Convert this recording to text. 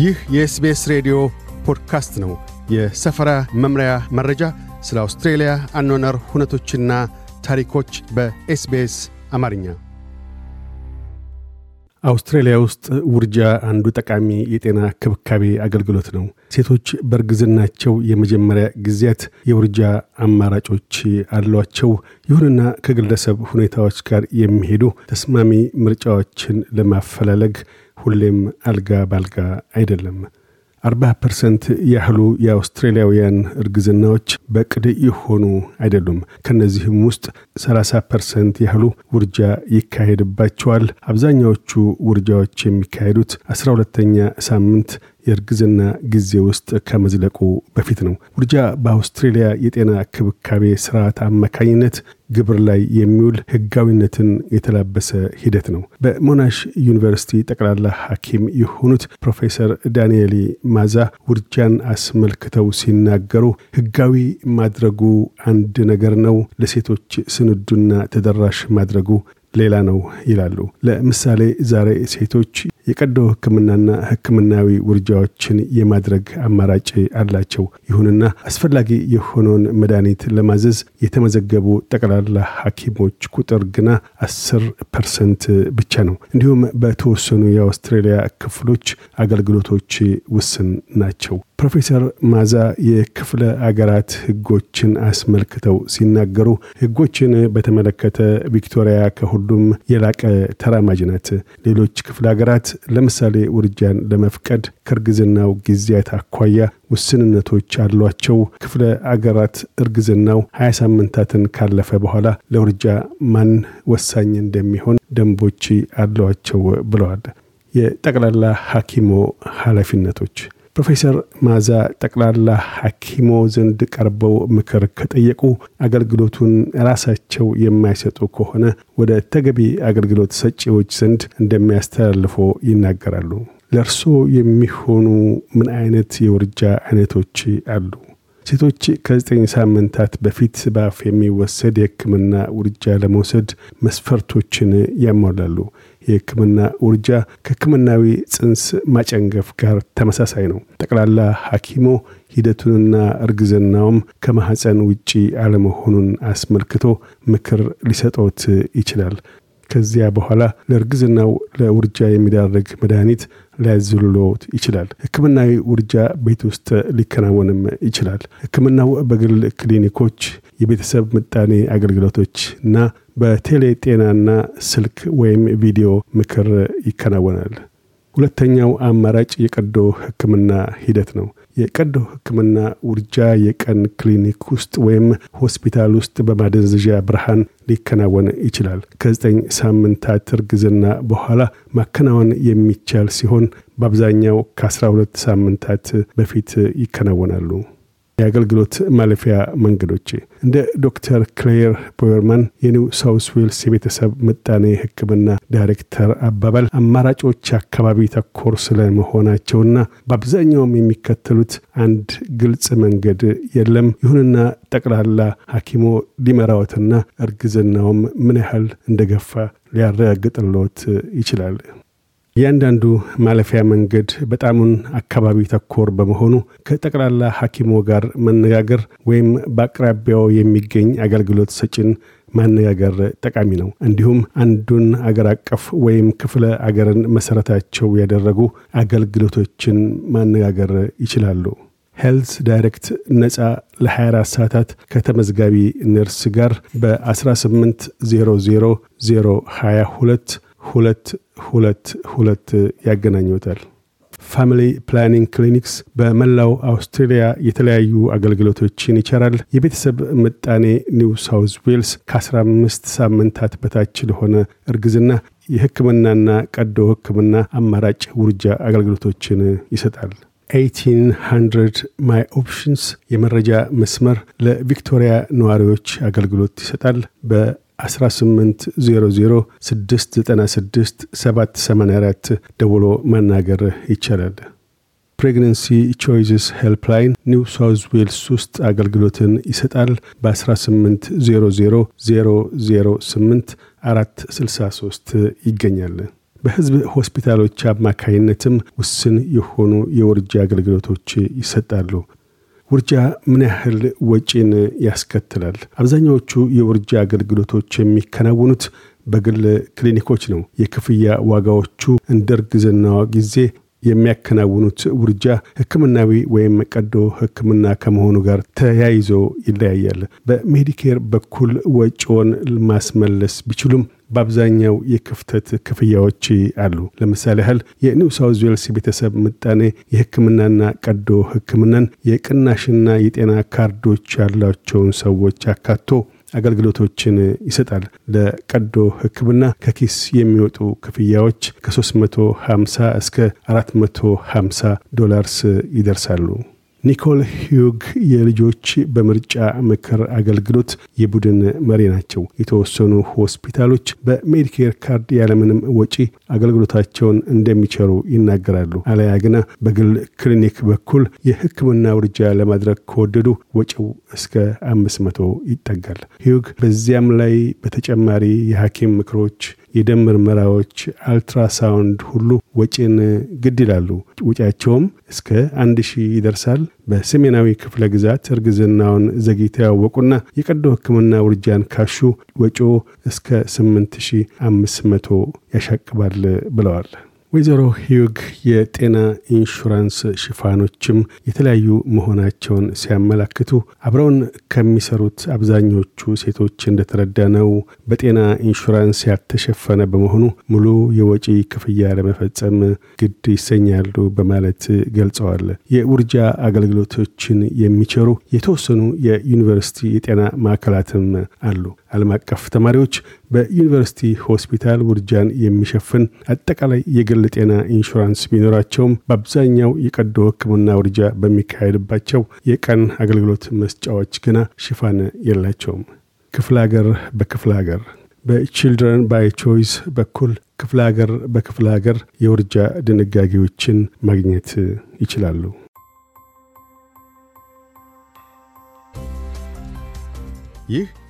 ይህ የኤስቤስ ሬዲዮ ፖድካስት ነው። የሰፈራ መምሪያ መረጃ፣ ስለ አውስትሬልያ አኗነር ሁነቶችና ታሪኮች በኤስቤስ አማርኛ አውስትራሊያ ውስጥ ውርጃ አንዱ ጠቃሚ የጤና ክብካቤ አገልግሎት ነው። ሴቶች በእርግዝናቸው የመጀመሪያ ጊዜያት የውርጃ አማራጮች አሏቸው። ይሁንና ከግለሰብ ሁኔታዎች ጋር የሚሄዱ ተስማሚ ምርጫዎችን ለማፈላለግ ሁሌም አልጋ ባልጋ አይደለም። አርባ ፐርሰንት ያህሉ የአውስትሬሊያውያን እርግዝናዎች በቅድ የሆኑ አይደሉም። ከነዚህም ውስጥ ሰላሳ ፐርሰንት ያህሉ ውርጃ ይካሄድባቸዋል። አብዛኛዎቹ ውርጃዎች የሚካሄዱት አስራ ሁለተኛ ሳምንት የእርግዝና ጊዜ ውስጥ ከመዝለቁ በፊት ነው። ውርጃ በአውስትሬልያ የጤና ክብካቤ ስርዓት አማካኝነት ግብር ላይ የሚውል ህጋዊነትን የተላበሰ ሂደት ነው። በሞናሽ ዩኒቨርሲቲ ጠቅላላ ሐኪም የሆኑት ፕሮፌሰር ዳንኤሊ ማዛ ውርጃን አስመልክተው ሲናገሩ ህጋዊ ማድረጉ አንድ ነገር ነው፣ ለሴቶች ስንዱና ተደራሽ ማድረጉ ሌላ ነው ይላሉ። ለምሳሌ ዛሬ ሴቶች የቀዶ ህክምናና ህክምናዊ ውርጃዎችን የማድረግ አማራጭ አላቸው። ይሁንና አስፈላጊ የሆነውን መድኃኒት ለማዘዝ የተመዘገቡ ጠቅላላ ሐኪሞች ቁጥር ግና 10 ፐርሰንት ብቻ ነው። እንዲሁም በተወሰኑ የአውስትሬሊያ ክፍሎች አገልግሎቶች ውስን ናቸው። ፕሮፌሰር ማዛ የክፍለ አገራት ህጎችን አስመልክተው ሲናገሩ ህጎችን በተመለከተ ቪክቶሪያ ከሁሉም የላቀ ተራማጅ ናት። ሌሎች ክፍለ አገራት ለምሳሌ ውርጃን ለመፍቀድ ከእርግዝናው ጊዜያት አኳያ ውስንነቶች አሏቸው። ክፍለ አገራት እርግዝናው ሀያ ሳምንታትን ካለፈ በኋላ ለውርጃ ማን ወሳኝ እንደሚሆን ደንቦች አሏቸው ብለዋል። የጠቅላላ ሐኪሞ ኃላፊነቶች ፕሮፌሰር ማዛ ጠቅላላ ሐኪሞ ዘንድ ቀርበው ምክር ከጠየቁ አገልግሎቱን ራሳቸው የማይሰጡ ከሆነ ወደ ተገቢ አገልግሎት ሰጪዎች ዘንድ እንደሚያስተላልፎ ይናገራሉ። ለእርስዎ የሚሆኑ ምን አይነት የውርጃ አይነቶች አሉ? ሴቶች ከዘጠኝ ሳምንታት በፊት በአፍ የሚወሰድ የህክምና ውርጃ ለመውሰድ መስፈርቶችን ያሟላሉ። የህክምና ውርጃ ከህክምናዊ ጽንስ ማጨንገፍ ጋር ተመሳሳይ ነው። ጠቅላላ ሐኪሞ ሂደቱንና እርግዝናውም ከማሐፀን ውጪ አለመሆኑን አስመልክቶ ምክር ሊሰጦት ይችላል። ከዚያ በኋላ ለእርግዝናው ለውርጃ የሚዳርግ መድኃኒት ሊያዝልዎት ይችላል። ህክምናዊ ውርጃ ቤት ውስጥ ሊከናወንም ይችላል። ህክምናው በግል ክሊኒኮች፣ የቤተሰብ ምጣኔ አገልግሎቶች እና በቴሌ ጤናና ስልክ ወይም ቪዲዮ ምክር ይከናወናል። ሁለተኛው አማራጭ የቀዶ ህክምና ሂደት ነው። የቀዶ ህክምና ውርጃ የቀን ክሊኒክ ውስጥ ወይም ሆስፒታል ውስጥ በማደንዘዣ ብርሃን ሊከናወን ይችላል። ከዘጠኝ ሳምንታት እርግዝና በኋላ ማከናወን የሚቻል ሲሆን በአብዛኛው ከ12 ሳምንታት በፊት ይከናወናሉ። የአገልግሎት ማለፊያ መንገዶች እንደ ዶክተር ክሌር ቦየርማን የኒው ሳውስ ዌልስ የቤተሰብ ምጣኔ ህክምና ዳይሬክተር አባባል አማራጮች አካባቢ ተኮር ስለመሆናቸውና በአብዛኛውም የሚከተሉት አንድ ግልጽ መንገድ የለም። ይሁንና ጠቅላላ ሐኪሞ ሊመራዎትና እርግዝናውም ምን ያህል እንደገፋ ሊያረጋግጥሎት ይችላል። እያንዳንዱ ማለፊያ መንገድ በጣሙን አካባቢ ተኮር በመሆኑ ከጠቅላላ ሐኪሞ ጋር መነጋገር ወይም በአቅራቢያው የሚገኝ አገልግሎት ሰጪን ማነጋገር ጠቃሚ ነው። እንዲሁም አንዱን አገር አቀፍ ወይም ክፍለ አገርን መሰረታቸው ያደረጉ አገልግሎቶችን ማነጋገር ይችላሉ። ሄልት ዳይሬክት ነፃ ለ24 ሰዓታት ከተመዝጋቢ ነርስ ጋር በ1800 022 ሁለት ሁለት ሁለት ያገናኙታል። ፋሚሊ ፕላኒንግ ክሊኒክስ በመላው አውስትሬሊያ የተለያዩ አገልግሎቶችን ይቸራል። የቤተሰብ ምጣኔ ኒው ሳውዝ ዌልስ ከ15 ሳምንታት በታች ለሆነ እርግዝና የህክምናና ቀዶ ህክምና አማራጭ ውርጃ አገልግሎቶችን ይሰጣል። 1800 ማይ ኦፕሽንስ የመረጃ መስመር ለቪክቶሪያ ነዋሪዎች አገልግሎት ይሰጣል። በ 1800696784 ደውሎ መናገር ይቻላል። ፕሬግነንሲ ቾይዝስ ሄልፕላይን ኒው ሳውዝ ዌልስ ውስጥ አገልግሎትን ይሰጣል። በ1800 463 ይገኛል። በህዝብ ሆስፒታሎች አማካይነትም ውስን የሆኑ የውርጃ አገልግሎቶች ይሰጣሉ። ውርጃ ምን ያህል ወጪን ያስከትላል? አብዛኛዎቹ የውርጃ አገልግሎቶች የሚከናወኑት በግል ክሊኒኮች ነው። የክፍያ ዋጋዎቹ እንደ እርግዝና ጊዜ የሚያከናውኑት ውርጃ ሕክምናዊ ወይም ቀዶ ሕክምና ከመሆኑ ጋር ተያይዞ ይለያያል። በሜዲኬር በኩል ወጪውን ማስመለስ ቢችሉም በአብዛኛው የክፍተት ክፍያዎች አሉ። ለምሳሌ ያህል የኒው ሳውዝ ዌልስ ቤተሰብ ምጣኔ የህክምናና ቀዶ ህክምናን የቅናሽና የጤና ካርዶች ያላቸውን ሰዎች አካቶ አገልግሎቶችን ይሰጣል። ለቀዶ ህክምና ከኪስ የሚወጡ ክፍያዎች ከ350 እስከ 450 ዶላርስ ይደርሳሉ። ኒኮል ሂዩግ የልጆች በምርጫ ምክር አገልግሎት የቡድን መሪ ናቸው። የተወሰኑ ሆስፒታሎች በሜዲኬር ካርድ ያለምንም ወጪ አገልግሎታቸውን እንደሚቸሩ ይናገራሉ። አለያ ግና በግል ክሊኒክ በኩል የሕክምና ውርጃ ለማድረግ ከወደዱ ወጪው እስከ አምስት መቶ ይጠጋል። ሂዩግ በዚያም ላይ በተጨማሪ የሐኪም ምክሮች የደም ምርመራዎች፣ አልትራሳውንድ ሁሉ ወጪን ግድ ይላሉ። ውጪያቸውም እስከ አንድ ሺህ ይደርሳል። በሰሜናዊ ክፍለ ግዛት እርግዝናውን ዘግይተው ያወቁና የቀዶ ሕክምና ውርጃን ካሹ ወጪ እስከ 8500 ያሻቅባል ብለዋል። ወይዘሮ ሂዩግ የጤና ኢንሹራንስ ሽፋኖችም የተለያዩ መሆናቸውን ሲያመላክቱ አብረውን ከሚሰሩት አብዛኞቹ ሴቶች እንደተረዳ ነው። በጤና ኢንሹራንስ ያልተሸፈነ በመሆኑ ሙሉ የወጪ ክፍያ ለመፈጸም ግድ ይሰኛሉ በማለት ገልጸዋል። የውርጃ አገልግሎቶችን የሚቸሩ የተወሰኑ የዩኒቨርሲቲ የጤና ማዕከላትም አሉ። ዓለም አቀፍ ተማሪዎች በዩኒቨርሲቲ ሆስፒታል ውርጃን የሚሸፍን አጠቃላይ የግል የግል ጤና ኢንሹራንስ ቢኖራቸውም በአብዛኛው የቀዶ ህክምና ውርጃ በሚካሄድባቸው የቀን አገልግሎት መስጫዎች ግና ሽፋን የላቸውም። ክፍለ ሀገር በክፍለ ሀገር በችልድረን ባይ ቾይስ በኩል ክፍለ ሀገር በክፍለ ሀገር የውርጃ ድንጋጌዎችን ማግኘት ይችላሉ። ይህ